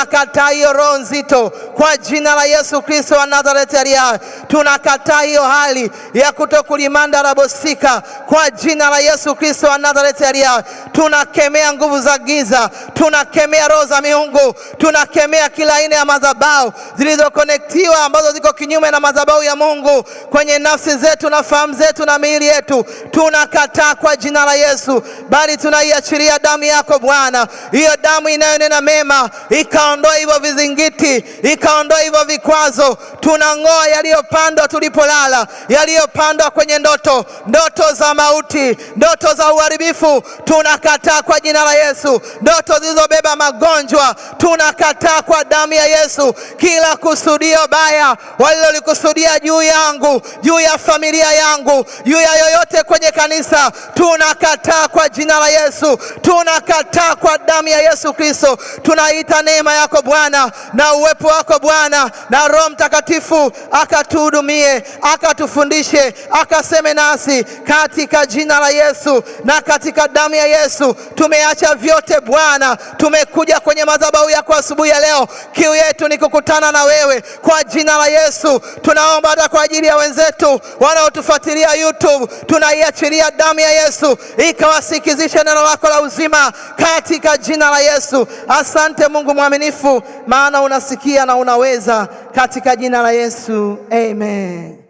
tunakataa hiyo roho nzito kwa jina la Yesu Kristo wa Nazareti aliye hai, tunakataa hiyo hali ya kutokulimanda rabosika. Kwa jina la Yesu Kristo wa Nazareti aliye hai, tunakemea nguvu za giza, tunakemea roho za miungu, tunakemea kila aina ya madhabahu zilizokonektiwa ambazo ziko kinyume na madhabahu ya Mungu kwenye nafsi zetu na fahamu zetu na miili yetu, tunakataa kwa jina la Yesu, bali tunaiachilia damu yako Bwana, hiyo damu inayonena mema, ikaondoa hivyo vizingiti ika tukaondoa hivyo vikwazo, tunang'oa yaliyopandwa tulipolala, yaliyopandwa kwenye ndoto, ndoto za mauti, ndoto za uharibifu, tunakataa kwa jina la Yesu. Ndoto zilizobeba magonjwa, tunakataa kwa damu ya Yesu. Kila kusudio baya walilolikusudia juu yangu, juu ya familia yangu, juu ya yoyote kwenye kanisa, tunakataa kwa jina la Yesu, tunakataa kwa damu ya Yesu Kristo. Tunaita neema yako Bwana na uwepo wako Bwana na Roho Mtakatifu akatuhudumie, akatufundishe, akaseme nasi katika jina la Yesu na katika damu ya Yesu. Tumeacha vyote Bwana, tumekuja kwenye madhabahu yako asubuhi ya leo. Kiu yetu ni kukutana na wewe kwa jina la Yesu. Tunaomba hata kwa ajili ya wenzetu wanaotufuatilia YouTube, tunaiachilia damu ya Yesu ikawasikizishe neno lako la uzima katika jina la Yesu. Asante Mungu mwaminifu, maana unasikia na una unaweza katika jina la Yesu Amen.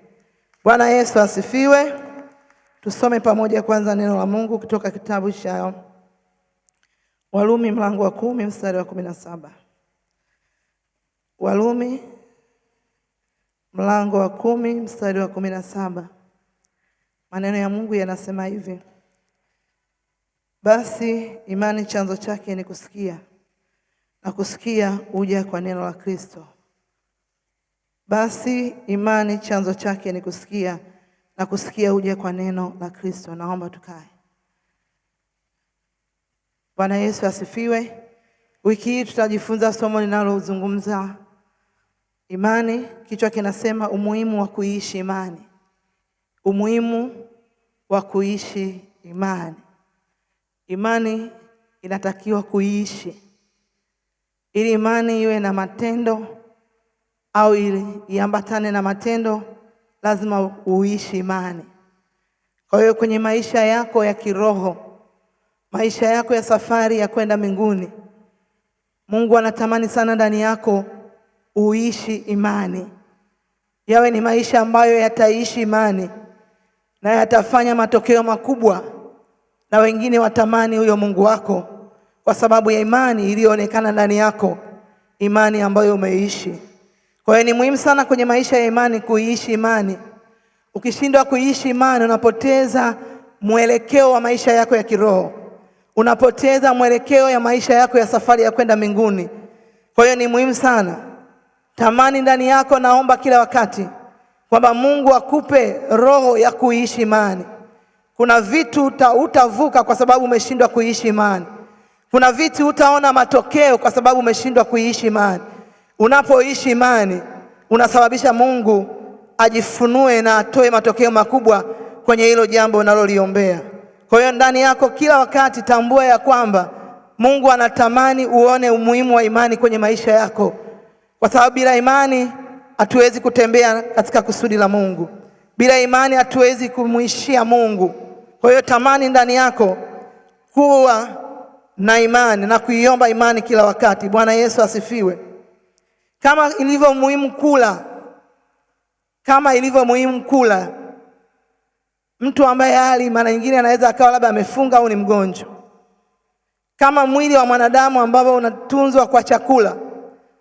Bwana Yesu asifiwe. Tusome pamoja kwanza neno la Mungu kutoka kitabu cha walumi mlango wa kumi mstari wa kumi na saba. walumi mlango wa kumi mstari wa kumi na saba. Maneno ya Mungu yanasema hivi: basi imani chanzo chake ni kusikia na kusikia uja kwa neno la Kristo. Basi imani chanzo chake ni kusikia na kusikia uja kwa neno la Kristo. Naomba tukae. Bwana Yesu asifiwe. Wiki hii tutajifunza somo linalozungumza imani. Kichwa kinasema umuhimu wa kuishi imani, umuhimu wa kuishi imani. Imani inatakiwa kuishi ili imani iwe na matendo au ili iambatane na matendo, lazima uishi imani. Kwa hiyo kwenye maisha yako ya kiroho, maisha yako ya safari ya kwenda mbinguni, Mungu anatamani sana ndani yako uishi imani, yawe ni maisha ambayo yataishi imani na yatafanya matokeo makubwa, na wengine watamani huyo Mungu wako kwa sababu ya imani iliyoonekana ndani yako, imani ambayo umeishi. Kwa hiyo ni muhimu sana kwenye maisha ya imani kuiishi imani. Ukishindwa kuiishi imani, unapoteza mwelekeo wa maisha yako ya kiroho, unapoteza mwelekeo ya maisha yako ya safari ya kwenda mbinguni. Kwa hiyo ni muhimu sana, tamani ndani yako, naomba kila wakati kwamba Mungu akupe roho ya kuiishi imani. Kuna vitu utavuka kwa sababu umeshindwa kuiishi imani. Kuna vitu hutaona matokeo kwa sababu umeshindwa kuiishi imani. Unapoishi imani, unasababisha Mungu ajifunue na atoe matokeo makubwa kwenye hilo jambo unaloliombea. Kwa hiyo ndani yako kila wakati tambua ya kwamba Mungu anatamani uone umuhimu wa imani kwenye maisha yako, kwa sababu bila imani hatuwezi kutembea katika kusudi la Mungu. Bila imani hatuwezi kumwishia Mungu. Kwa hiyo tamani ndani yako kuwa na imani na kuiomba imani kila wakati. Bwana Yesu asifiwe. Kama ilivyo muhimu kula, kama ilivyo muhimu kula, mtu ambaye hali mara nyingine anaweza akawa labda amefunga au ni mgonjwa, kama mwili wa mwanadamu ambao unatunzwa kwa chakula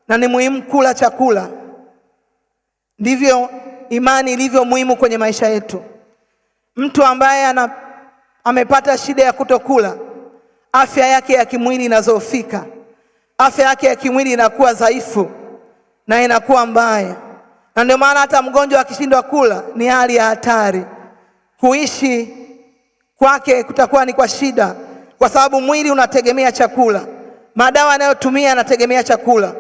na ni muhimu kula chakula, ndivyo imani ilivyo muhimu kwenye maisha yetu. Mtu ambaye ana, amepata shida ya kutokula afya yake ya kimwili inazofika, afya yake ya kimwili inakuwa dhaifu na inakuwa mbaya, na ndio maana hata mgonjwa akishindwa kula ni hali ya hatari. Kuishi kwake kutakuwa ni kwa shida, kwa sababu mwili unategemea chakula, madawa anayotumia yanategemea chakula.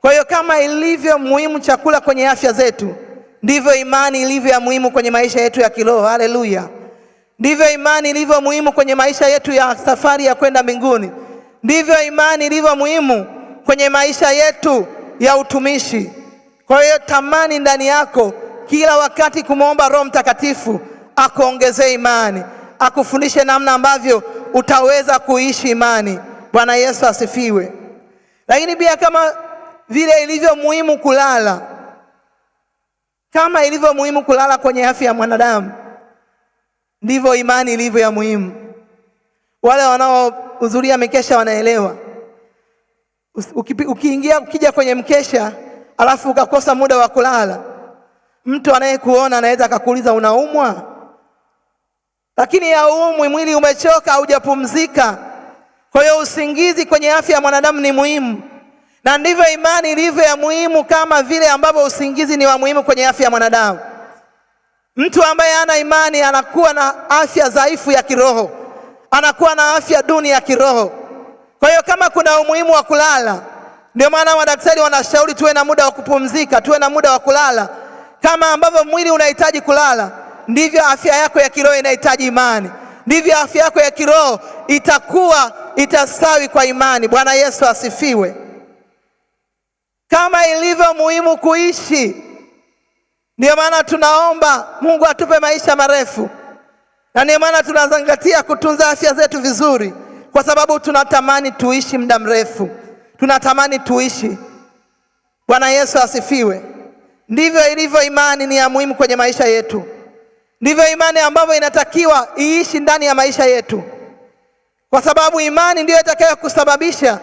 Kwa hiyo kama ilivyo muhimu chakula kwenye afya zetu, ndivyo imani ilivyo ya muhimu kwenye maisha yetu ya kiroho. Haleluya! Ndivyo imani ilivyo muhimu kwenye maisha yetu ya safari ya kwenda mbinguni. Ndivyo imani ilivyo muhimu kwenye maisha yetu ya utumishi. Kwa hiyo tamani ndani yako kila wakati kumwomba Roho Mtakatifu akuongezee imani, akufundishe namna ambavyo utaweza kuishi imani. Bwana Yesu asifiwe. Lakini pia kama vile ilivyo muhimu kulala, kama ilivyo muhimu kulala kwenye afya ya mwanadamu Ndivyo imani ilivyo ya muhimu. Wale wanaohudhuria mikesha wanaelewa. Ukiingia ukija kwenye mkesha alafu ukakosa muda wa kulala, mtu anayekuona anaweza akakuuliza unaumwa, lakini hauumwi, mwili umechoka, haujapumzika. Kwa hiyo usingizi kwenye afya ya mwanadamu ni muhimu, na ndivyo imani ilivyo ya muhimu, kama vile ambavyo usingizi ni wa muhimu kwenye afya ya mwanadamu. Mtu ambaye hana imani anakuwa na afya dhaifu ya kiroho, anakuwa na afya duni ya kiroho. Kwa hiyo kama kuna umuhimu wa kulala, ndio maana madaktari wanashauri tuwe na muda wa kupumzika, tuwe na muda wa kulala. Kama ambavyo mwili unahitaji kulala, ndivyo afya yako ya kiroho inahitaji imani, ndivyo afya yako ya kiroho itakuwa itastawi kwa imani. Bwana Yesu asifiwe. Kama ilivyo muhimu kuishi Ndiyo maana tunaomba Mungu atupe maisha marefu, na ndiyo maana tunazingatia kutunza afya zetu vizuri, kwa sababu tunatamani tuishi muda mrefu, tunatamani tuishi. Bwana Yesu asifiwe. Ndivyo ilivyo imani, ni ya muhimu kwenye maisha yetu, ndivyo imani ambavyo inatakiwa iishi ndani ya maisha yetu, kwa sababu imani ndiyo kusababisha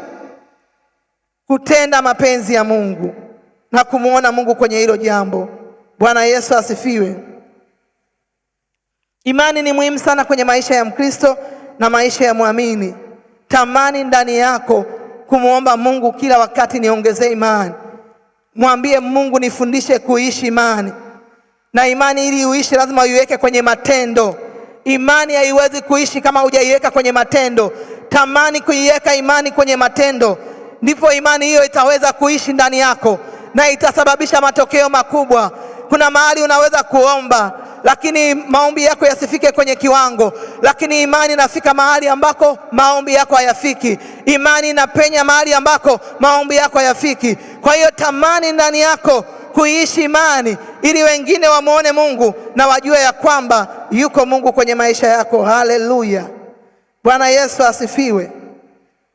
kutenda mapenzi ya Mungu na kumwona Mungu kwenye hilo jambo. Bwana Yesu asifiwe. Imani ni muhimu sana kwenye maisha ya Mkristo na maisha ya mwamini. Tamani ndani yako kumwomba Mungu kila wakati, niongezee imani. Mwambie Mungu, nifundishe kuishi imani. Na imani ili uishi lazima uiweke kwenye matendo. Imani haiwezi kuishi kama hujaiweka kwenye matendo. Tamani kuiweka imani kwenye matendo, ndipo imani hiyo itaweza kuishi ndani yako na itasababisha matokeo makubwa kuna mahali unaweza kuomba lakini maombi yako yasifike kwenye kiwango, lakini imani inafika mahali ambako maombi yako hayafiki. Imani inapenya mahali ambako maombi yako hayafiki. Kwa hiyo tamani ndani yako kuiishi imani, ili wengine wamwone Mungu na wajue ya kwamba yuko Mungu kwenye maisha yako. Haleluya, Bwana Yesu asifiwe.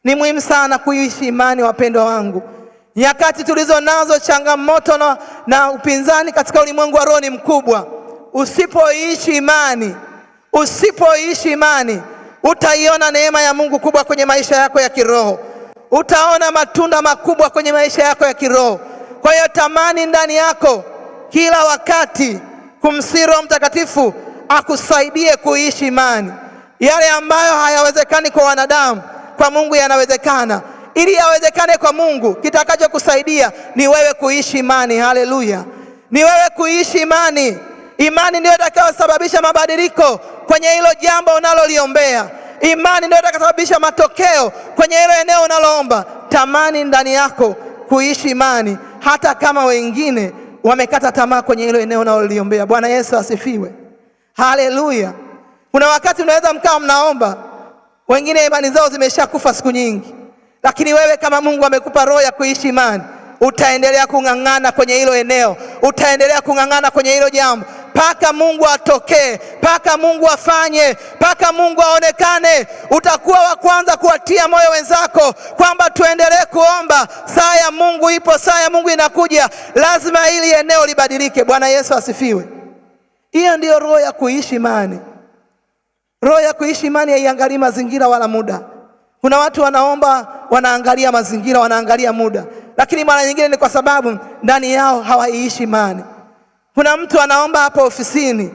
Ni muhimu sana kuiishi imani, wapendwa wangu. Nyakati tulizo nazo changamoto na, na upinzani katika ulimwengu wa roho ni mkubwa. Usipoishi imani, usipoishi imani, utaiona neema ya Mungu kubwa kwenye maisha yako ya kiroho, utaona matunda makubwa kwenye maisha yako ya kiroho. Kwa hiyo tamani ndani yako kila wakati kumsihi Roho Mtakatifu akusaidie kuishi imani. Yale ambayo hayawezekani kwa wanadamu, kwa Mungu yanawezekana ili yawezekane kwa Mungu. Kitakachokusaidia ni wewe kuishi imani. Haleluya, ni wewe kuishi imani. Imani ndiyo itakayosababisha mabadiliko kwenye hilo jambo unaloliombea. Imani ndiyo itakayosababisha matokeo kwenye hilo eneo unaloomba. Tamani ndani yako kuishi imani, hata kama wengine wamekata tamaa kwenye hilo eneo unaloliombea. Bwana Yesu asifiwe, haleluya. Kuna wakati unaweza mkawa mnaomba, wengine imani zao zimeshakufa siku nyingi lakini wewe kama Mungu amekupa roho ya kuishi imani, utaendelea kung'ang'ana kwenye hilo eneo, utaendelea kung'ang'ana kwenye hilo jambo mpaka Mungu atokee, mpaka Mungu afanye, mpaka Mungu aonekane. Utakuwa wa kwanza kuwatia moyo wenzako kwamba tuendelee kuomba, saa ya Mungu ipo, saa ya Mungu inakuja, lazima hili eneo libadilike. Bwana Yesu asifiwe. Hiyo ndiyo roho ya kuishi imani. Roho ya kuishi imani haiangalii mazingira wala muda. Kuna watu wanaomba, wanaangalia mazingira, wanaangalia muda, lakini mara nyingine ni kwa sababu ndani yao hawaiishi imani. Kuna mtu anaomba hapo ofisini,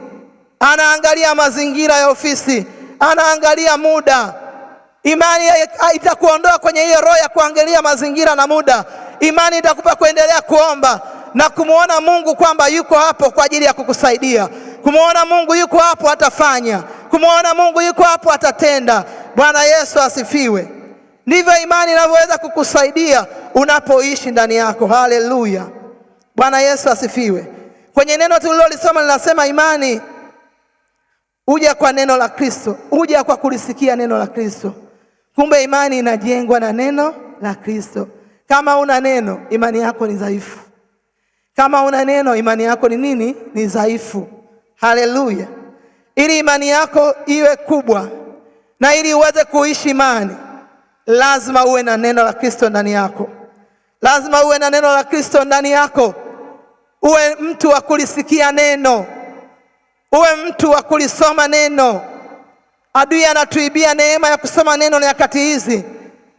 anaangalia mazingira ya ofisi, anaangalia muda. Imani itakuondoa kwenye hiyo roho ya kuangalia mazingira na muda. Imani itakupa kuendelea kuomba na kumwona Mungu kwamba yuko hapo kwa ajili ya kukusaidia, kumwona Mungu yuko hapo atafanya, kumwona Mungu yuko hapo atatenda. Bwana Yesu asifiwe. Ndivyo imani inavyoweza kukusaidia unapoishi ndani yako. Haleluya, Bwana Yesu asifiwe. Kwenye neno tulilolisoma linasema imani uja kwa neno la Kristo, uja kwa kulisikia neno la Kristo. Kumbe imani inajengwa na neno la Kristo. Kama una neno, imani yako ni dhaifu. Kama una neno, imani yako ni nini? Ni dhaifu. Haleluya! Ili imani yako iwe kubwa na ili uweze kuishi imani, lazima uwe na neno la Kristo ndani yako, lazima uwe na neno la Kristo ndani yako, uwe mtu wa kulisikia neno, uwe mtu wa kulisoma neno. Adui anatuibia neema ya kusoma neno nyakati hizi.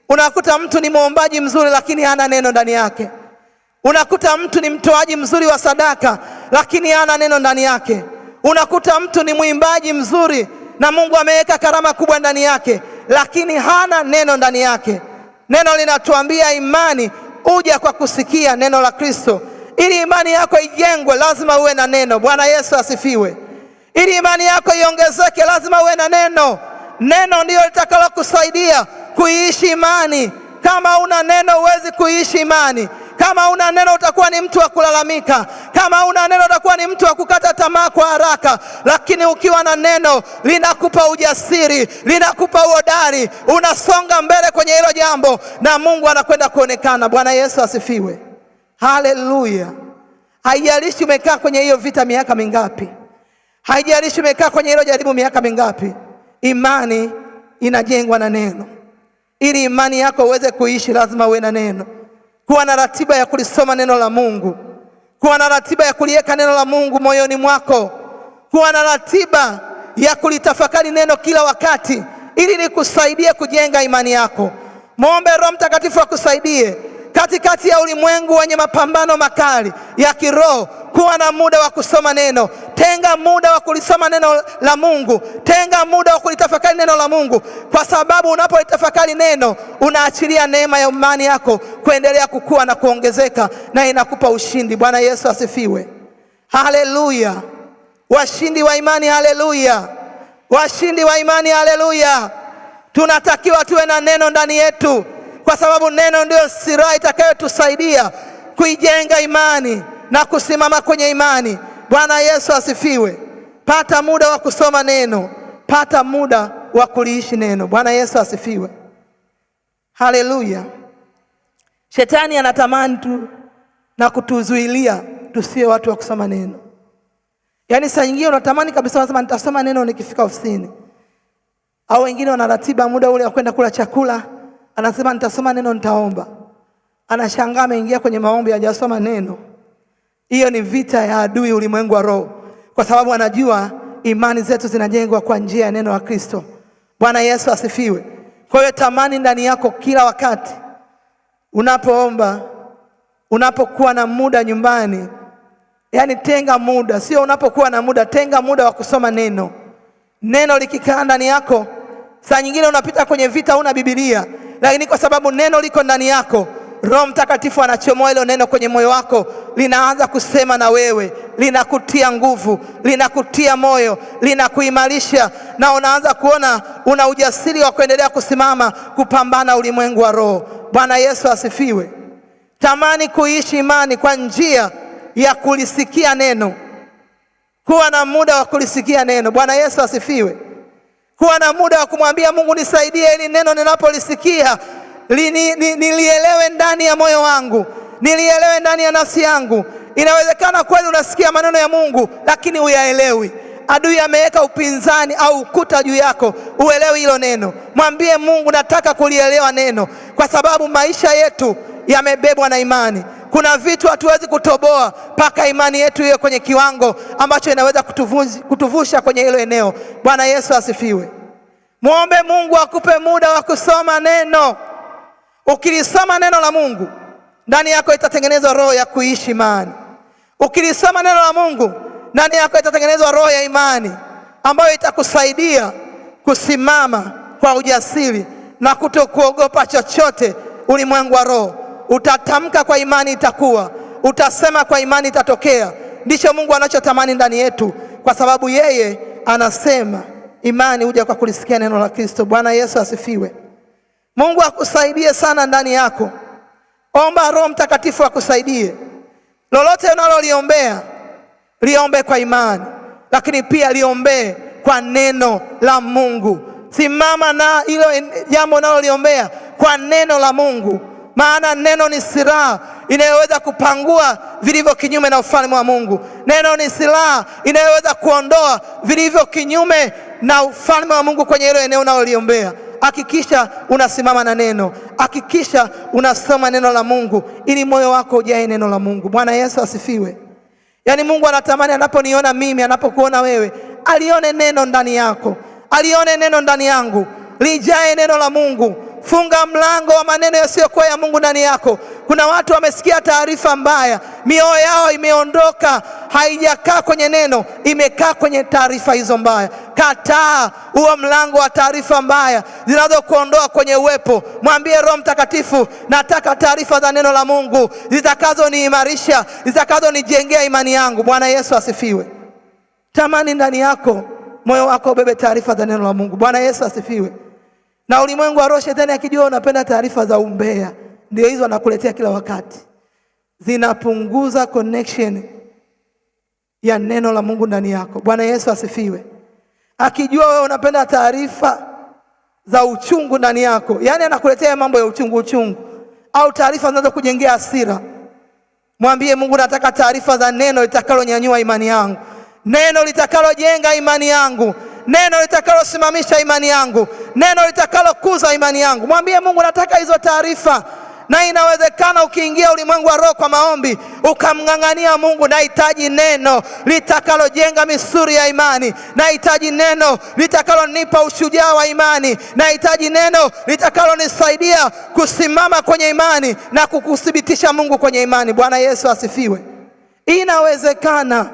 Unakuta mtu ni mwombaji mzuri, lakini hana neno ndani yake. Unakuta mtu ni mtoaji mzuri wa sadaka, lakini hana neno ndani yake. Unakuta mtu ni mwimbaji mzuri na Mungu ameweka karama kubwa ndani yake, lakini hana neno ndani yake. Neno linatuambia imani uja kwa kusikia neno la Kristo. Ili imani yako ijengwe, lazima uwe na neno. Bwana Yesu asifiwe. Ili imani yako iongezeke, lazima uwe na neno. Neno ndiyo litakalokusaidia kuiishi imani. Kama una neno, huwezi kuiishi imani. Kama una neno utakuwa ni mtu wa kulalamika, kama una neno utakuwa ni mtu wa kukata tamaa kwa haraka, lakini ukiwa na neno linakupa ujasiri, linakupa uhodari, unasonga mbele kwenye hilo jambo na Mungu anakwenda kuonekana. Bwana Yesu asifiwe, haleluya. Haijalishi umekaa kwenye hiyo vita miaka mingapi, haijalishi umekaa kwenye hilo jaribu miaka mingapi, imani inajengwa na neno. Ili imani yako uweze kuishi, lazima uwe na neno kuwa na ratiba ya kulisoma neno la Mungu, kuwa na ratiba ya kuliweka neno la Mungu moyoni mwako, kuwa na ratiba ya kulitafakari neno kila wakati, ili likusaidie kujenga imani yako. Mwombe Roho Mtakatifu akusaidie katikati ya ulimwengu wenye mapambano makali ya kiroho, kuwa na muda wa kusoma neno. Tenga muda wa kulisoma neno la Mungu, tenga muda wa kulitafakari neno la Mungu, kwa sababu unapolitafakari neno unaachilia neema ya imani yako kuendelea kukua na kuongezeka, na inakupa ushindi. Bwana Yesu asifiwe, haleluya! Washindi wa imani, haleluya! Washindi wa imani, haleluya! Tunatakiwa tuwe na neno ndani yetu kwa sababu neno ndiyo silaha itakayotusaidia kuijenga imani na kusimama kwenye imani. Bwana Yesu asifiwe. Pata muda wa kusoma neno, pata muda wa kuliishi neno. Bwana Yesu asifiwe, haleluya. Shetani anatamani tu na kutuzuilia tusiwe watu wa kusoma neno. Yaani saa nyingine unatamani kabisa, unasema nitasoma neno nikifika ofisini, au wengine wana ratiba muda ule wa kwenda kula chakula anasema nitasoma neno, nitaomba. Anashangaa ameingia kwenye maombi, hajasoma neno. Hiyo ni vita ya adui, ulimwengu wa roho, kwa sababu anajua imani zetu zinajengwa kwa njia ya neno la Kristo. Bwana Yesu asifiwe. Kwa hiyo tamani ndani yako kila wakati unapoomba, unapokuwa na muda nyumbani, yaani tenga muda, sio unapokuwa na muda, tenga muda wa kusoma neno. Neno likikaa ndani yako, saa nyingine unapita kwenye vita, una Biblia lakini kwa sababu neno liko ndani yako, Roho Mtakatifu anachomoa hilo neno kwenye moyo wako, linaanza kusema na wewe, linakutia nguvu, linakutia moyo, linakuimarisha, na unaanza kuona una ujasiri wa kuendelea kusimama kupambana ulimwengu wa roho. Bwana Yesu asifiwe. Tamani kuishi imani kwa njia ya kulisikia neno, kuwa na muda wa kulisikia neno. Bwana Yesu asifiwe kuwa na muda wa kumwambia Mungu, nisaidie ili neno ninapolisikia ni, ni, nilielewe ndani ya moyo wangu, nilielewe ndani ya nafsi yangu. Inawezekana kweli unasikia maneno ya Mungu lakini uyaelewi Adui ameweka upinzani au ukuta juu yako, uelewi hilo neno. Mwambie Mungu, nataka kulielewa neno, kwa sababu maisha yetu yamebebwa na imani. Kuna vitu hatuwezi kutoboa mpaka imani yetu iwe kwenye kiwango ambacho inaweza kutuvusha kwenye hilo eneo. Bwana Yesu asifiwe. Mwombe Mungu akupe muda wa kusoma neno. Ukilisoma neno la Mungu, ndani yako itatengenezwa roho ya kuishi imani. Ukilisoma neno la Mungu, ndani yako itatengenezwa roho ya imani ambayo itakusaidia kusimama kwa ujasiri na kutokuogopa chochote ulimwengu wa roho utatamka kwa imani itakuwa, utasema kwa imani itatokea. Ndicho Mungu anachotamani ndani yetu, kwa sababu yeye anasema imani huja kwa kulisikia neno la Kristo. Bwana Yesu asifiwe. Mungu akusaidie sana ndani yako. Omba Roho Mtakatifu akusaidie. Lolote unaloliombea liombe kwa imani, lakini pia liombee kwa neno la Mungu. Simama na hilo jambo unaloliombea kwa neno la Mungu maana neno ni silaha inayoweza kupangua vilivyo kinyume na ufalme wa Mungu. Neno ni silaha inayoweza kuondoa vilivyo kinyume na ufalme wa Mungu kwenye hilo eneo unaloliombea. Hakikisha unasimama na neno, hakikisha unasoma neno la Mungu ili moyo wako ujae neno la Mungu. Bwana Yesu asifiwe. Yaani Mungu anatamani anaponiona mimi, anapokuona wewe, alione neno ndani yako, alione neno ndani yangu, lijae neno la Mungu funga mlango wa maneno yasiyokuwa ya Mungu ndani yako. Kuna watu wamesikia taarifa mbaya, mioyo yao imeondoka, haijakaa kwenye neno, imekaa kwenye taarifa hizo mbaya. Kataa huo mlango wa taarifa mbaya zinazokuondoa kwenye uwepo. Mwambie Roho Mtakatifu, nataka taarifa za neno la Mungu zitakazoniimarisha, zitakazonijengea imani yangu. Bwana Yesu asifiwe. Tamani ndani yako, moyo wako ubebe taarifa za neno la Mungu. Bwana Yesu asifiwe na ulimwengu wa roho, shetani akijua unapenda taarifa za umbea, ndio hizo anakuletea kila wakati, zinapunguza connection ya neno la Mungu ndani yako. Bwana Yesu asifiwe. Akijua wewe unapenda taarifa za uchungu ndani yako, yaani anakuletea mambo ya uchungu uchungu, au taarifa zinazokujengea hasira. Mwambie Mungu, nataka taarifa za neno litakalonyanyua imani yangu, neno litakalojenga imani yangu neno litakalosimamisha imani yangu, neno litakalokuza imani yangu. Mwambie Mungu, nataka hizo taarifa na inawezekana ukiingia ulimwengu wa roho kwa maombi ukamng'ang'ania Mungu, nahitaji neno litakalojenga misuri ya imani, nahitaji neno litakalonipa ushujaa wa imani, nahitaji neno litakalonisaidia kusimama kwenye imani na kukuthibitisha Mungu kwenye imani. Bwana Yesu asifiwe. Inawezekana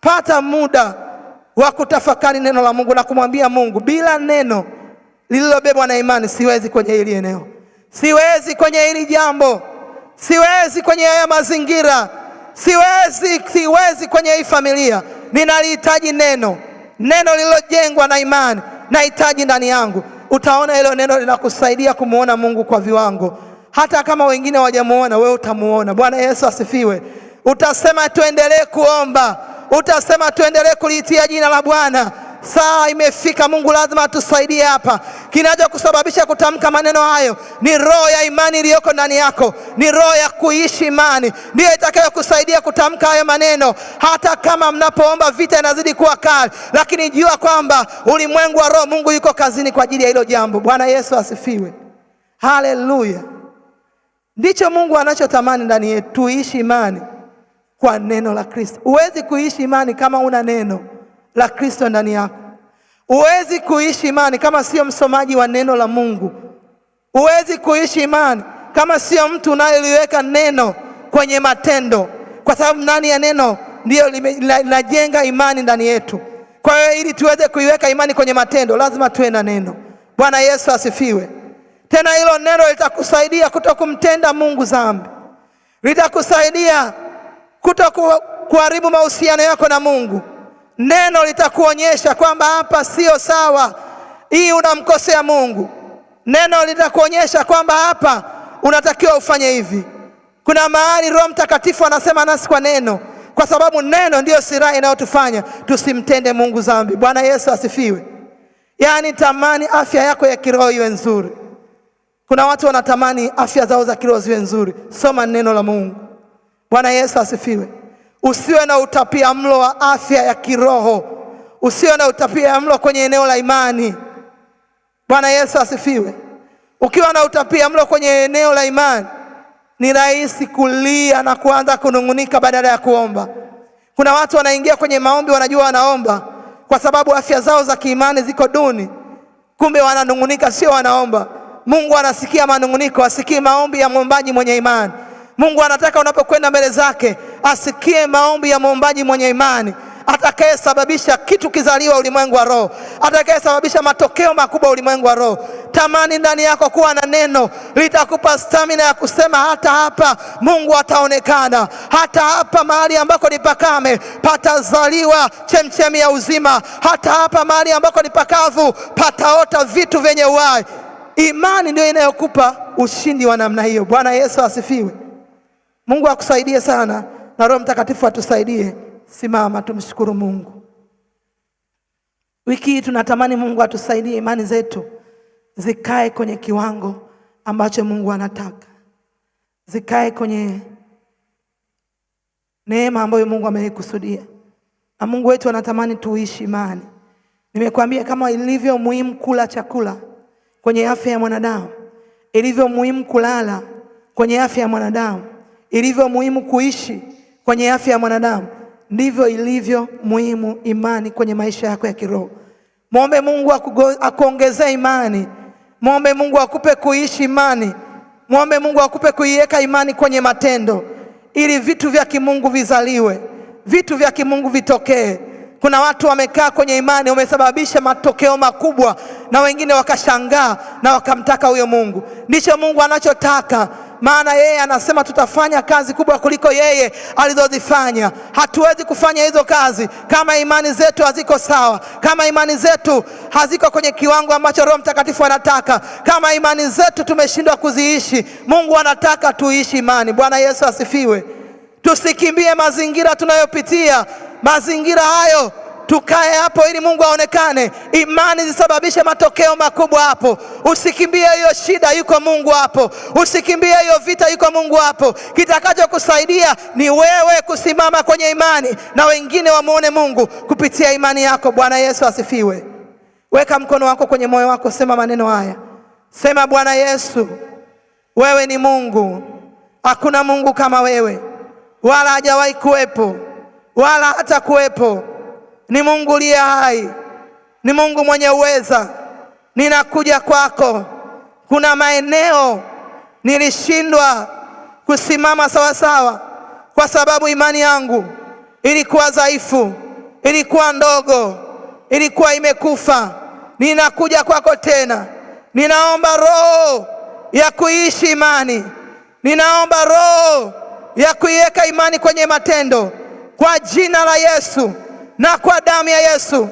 pata muda wa kutafakari neno la Mungu na kumwambia Mungu, bila neno lililobebwa na imani, siwezi kwenye hili eneo, siwezi kwenye hili jambo, siwezi kwenye haya mazingira, siwezi, siwezi kwenye hii familia. Ninalihitaji neno, neno lililojengwa na imani, nahitaji ndani yangu. Utaona hilo neno linakusaidia kumwona Mungu kwa viwango, hata kama wengine hawajamuona, wewe utamuona. Bwana Yesu asifiwe. Utasema tuendelee kuomba utasema tuendelee kulitia jina la Bwana. Saa imefika, Mungu lazima atusaidie hapa. Kinachokusababisha kutamka maneno hayo ni roho ya imani iliyoko ndani yako, ni roho ya kuishi imani, ndiyo itakayokusaidia kutamka hayo maneno. Hata kama mnapoomba vita inazidi kuwa kali, lakini jua kwamba ulimwengu wa roho, Mungu yuko kazini kwa ajili ya hilo jambo. Bwana Yesu asifiwe, haleluya! Ndicho Mungu anachotamani ndani yetu, tuishi imani kwa neno la Kristo. Huwezi kuishi imani kama una neno la Kristo ndani yako. Huwezi kuishi imani kama sio msomaji wa neno la Mungu. Huwezi kuishi imani kama sio mtu unayeliweka neno kwenye matendo, kwa sababu ndani ya neno ndiyo linajenga imani ndani yetu. Kwa hiyo ili tuweze kuiweka imani kwenye matendo, lazima tuwe na neno. Bwana Yesu asifiwe. Tena hilo neno litakusaidia kutokumtenda Mungu dhambi, litakusaidia kuto kuharibu mahusiano yako na Mungu. Neno litakuonyesha kwamba hapa sio sawa, hii unamkosea Mungu. Neno litakuonyesha kwamba hapa unatakiwa ufanye hivi. Kuna mahali Roho Mtakatifu anasema nasi kwa neno, kwa sababu neno ndiyo silaha inayotufanya tusimtende Mungu dhambi. Bwana Yesu asifiwe. Yaani, tamani afya yako ya kiroho iwe nzuri. Kuna watu wanatamani afya zao za kiroho ziwe nzuri. Soma neno la Mungu. Bwana Yesu asifiwe. Usiwe na utapia mlo wa afya ya kiroho, usiwe na utapia mlo kwenye eneo la imani. Bwana Yesu asifiwe. Ukiwa na utapia mlo kwenye eneo la imani, ni rahisi kulia na kuanza kunung'unika badala ya kuomba. Kuna watu wanaingia kwenye maombi, wanajua wanaomba kwa sababu afya zao za kiimani ziko duni, kumbe wananung'unika, sio wanaomba. Mungu anasikia manung'uniko, asikii maombi ya mwombaji mwenye imani. Mungu anataka unapokwenda mbele zake asikie maombi ya muombaji mwenye imani atakayesababisha kitu kizaliwa ulimwengu wa roho, atakayesababisha matokeo makubwa ulimwengu wa roho. Tamani ndani yako kuwa na neno litakupa stamina ya kusema, hata hapa Mungu ataonekana, hata hapa mahali ambako ni pakame patazaliwa chemchemi ya uzima, hata hapa mahali ambako ni pakavu pataota vitu vyenye uhai. Imani ndio inayokupa ushindi wa namna hiyo. Bwana Yesu asifiwe. Mungu akusaidie sana na Roho Mtakatifu atusaidie. Simama tumshukuru Mungu. Wiki hii tunatamani Mungu atusaidie imani zetu zikae kwenye kiwango ambacho Mungu anataka, zikae kwenye neema ambayo Mungu ameikusudia, na Mungu wetu anatamani tuishi imani. Nimekuambia kama ilivyo muhimu kula chakula kwenye afya ya mwanadamu, ilivyo muhimu kulala kwenye afya ya mwanadamu Ilivyo muhimu kuishi kwenye afya ya mwanadamu, ndivyo ilivyo muhimu imani kwenye maisha yako ya kiroho. Mwombe Mungu akuongezee imani, mwombe Mungu akupe kuishi imani, mwombe Mungu akupe kuiweka imani kwenye matendo, ili vitu vya kimungu vizaliwe, vitu vya kimungu vitokee. Kuna watu wamekaa kwenye imani, wamesababisha matokeo makubwa, na wengine wakashangaa na wakamtaka huyo Mungu. Ndicho Mungu anachotaka maana yeye anasema tutafanya kazi kubwa kuliko yeye alizozifanya. Hatuwezi kufanya hizo kazi kama imani zetu haziko sawa, kama imani zetu haziko kwenye kiwango ambacho Roho Mtakatifu anataka, kama imani zetu tumeshindwa kuziishi. Mungu anataka tuishi imani. Bwana Yesu asifiwe. Tusikimbie mazingira tunayopitia, mazingira hayo tukae hapo ili Mungu aonekane. Imani zisababishe matokeo makubwa hapo. Usikimbie hiyo shida, yuko Mungu hapo. Usikimbie hiyo vita, yuko Mungu hapo. Kitakachokusaidia ni wewe kusimama kwenye imani na wengine wamwone Mungu kupitia imani yako. Bwana Yesu asifiwe. Weka mkono wako kwenye moyo wako, sema maneno haya, sema: Bwana Yesu, wewe ni Mungu, hakuna Mungu kama wewe, wala hajawahi kuwepo wala hata kuwepo ni Mungu liye hai, ni Mungu mwenye uweza. Ninakuja kwako. Kuna maeneo nilishindwa kusimama sawasawa sawa, kwa sababu imani yangu ilikuwa dhaifu, ilikuwa ndogo, ilikuwa imekufa. Ninakuja kwako tena, ninaomba roho ya kuishi imani, ninaomba roho ya kuiweka imani kwenye matendo kwa jina la Yesu na kwa damu ya Yesu,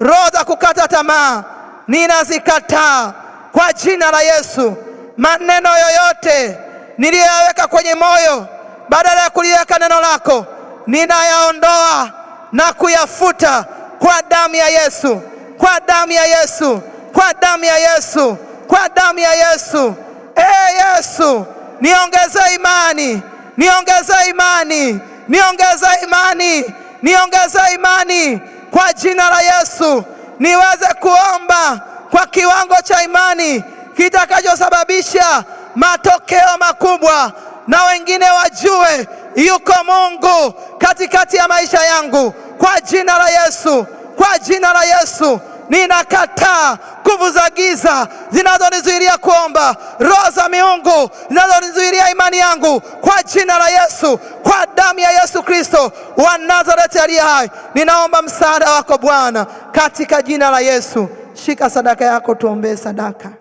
roho za kukata tamaa ninazikataa kwa jina la Yesu. Maneno yoyote niliyoyaweka kwenye moyo badala ya kuliweka neno lako, ninayaondoa na kuyafuta kwa damu ya Yesu, kwa damu ya Yesu, kwa damu ya Yesu, kwa damu ya Yesu. Ee Yesu, niongeze imani, niongeze imani, niongeze imani niongeze imani kwa jina la Yesu, niweze kuomba kwa kiwango cha imani kitakachosababisha matokeo makubwa, na wengine wajue yuko Mungu katikati ya maisha yangu, kwa jina la Yesu, kwa jina la Yesu ninakataa nguvu za giza zinazonizuilia kuomba, roho za miungu zinazonizuilia imani yangu, kwa jina la Yesu, kwa damu ya Yesu Kristo wa Nazareti aliye hai, ninaomba msaada wako Bwana, katika jina la Yesu. Shika sadaka yako, tuombee sadaka.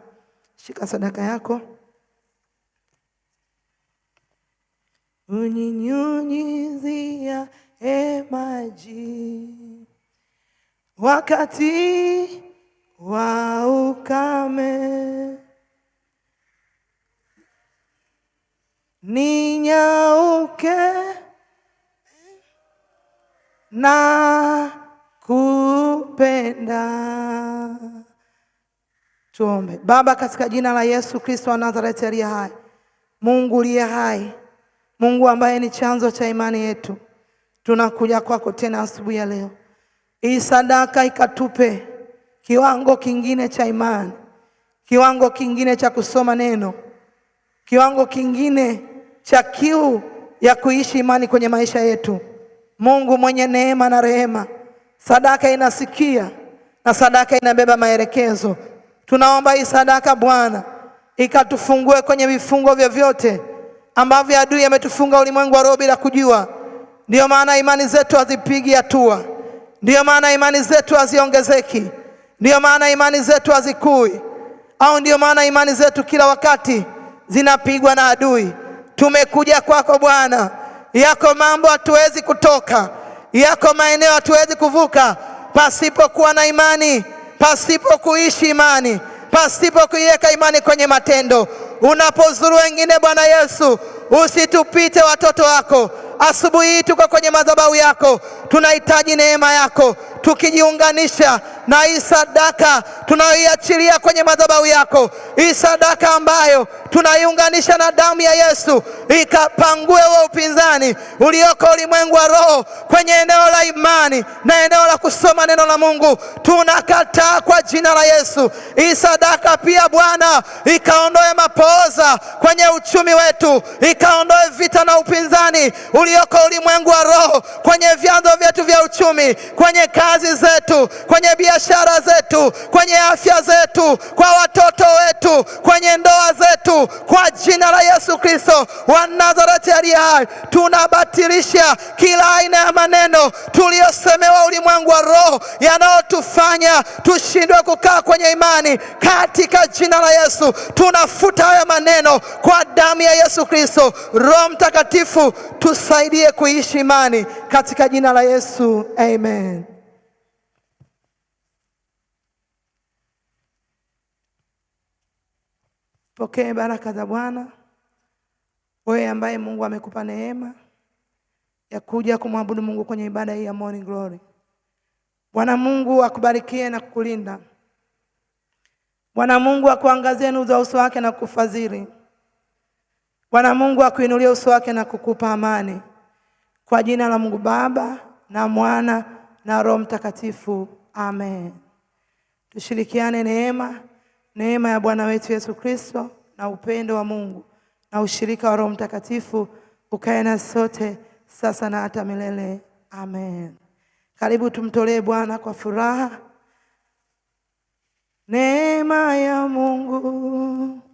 Shika sadaka yako. Uninyunyizia e maji wakati wa ukame ninyauke na kupenda. Tuombe. Baba, katika jina la Yesu Kristo wa Nazareti aliye hai, Mungu uliye hai, Mungu ambaye ni chanzo cha imani yetu, tunakuja kwako tena asubuhi ya leo hii sadaka ikatupe kiwango kingine cha imani, kiwango kingine cha kusoma neno, kiwango kingine cha kiu ya kuishi imani kwenye maisha yetu. Mungu mwenye neema na rehema, sadaka inasikia na sadaka inabeba maelekezo. Tunaomba hii sadaka Bwana ikatufungue kwenye vifungo vyovyote ambavyo adui ametufunga ulimwengu wa roho bila kujua. Ndiyo maana imani zetu hazipigi hatua. Ndiyo maana imani zetu haziongezeki, ndiyo maana imani zetu hazikui, au ndiyo maana imani zetu kila wakati zinapigwa na adui. Tumekuja kwako Bwana, yako mambo hatuwezi kutoka, yako maeneo hatuwezi kuvuka pasipokuwa na imani, pasipokuishi imani, pasipokuiweka imani kwenye matendo. Unapozuru wengine, Bwana Yesu usitupite watoto wako. Asubuhi hii tuko kwenye madhabahu yako, tunahitaji neema yako, tukijiunganisha na hii sadaka tunayoiachilia kwenye madhabahu yako, hii sadaka ambayo tunaiunganisha na damu ya Yesu, ikapangue huo upinzani ulioko ulimwengu wa roho kwenye eneo la imani na eneo la kusoma neno la Mungu, tunakataa kwa jina la Yesu. Hii sadaka pia Bwana ikaondoe mapooza kwenye uchumi wetu, ikaondoe vita na upinzani ulioko ulimwengu wa roho kwenye vyanzo vyetu vya uchumi, kwenye kazi zetu, kwenye biashara biashara zetu, kwenye afya zetu, kwa watoto wetu, kwenye ndoa zetu, kwa jina la Yesu Kristo wa Nazareti aliye hai. Tunabatilisha kila aina ya maneno tuliyosemewa ulimwengu wa roho yanayotufanya tushindwe kukaa kwenye imani, katika jina la Yesu tunafuta hayo maneno kwa damu ya Yesu Kristo. Roho Mtakatifu tusaidie kuishi imani katika jina la Yesu, amen. Pokee baraka za Bwana, wewe ambaye Mungu amekupa neema ya kuja kumwabudu Mungu kwenye ibada hii ya Morning Glory. Bwana Mungu akubarikie na kukulinda. Bwana Mungu akuangazie nuru za uso wake na kukufadhili. Bwana Mungu akuinulie uso wake na kukupa amani. Kwa jina la Mungu Baba na Mwana na Roho Mtakatifu, amen. Tushirikiane neema Neema ya Bwana wetu Yesu Kristo na upendo wa Mungu na ushirika wa Roho Mtakatifu ukae na sote sasa na hata milele. Amen. Karibu tumtolee Bwana kwa furaha. Neema ya Mungu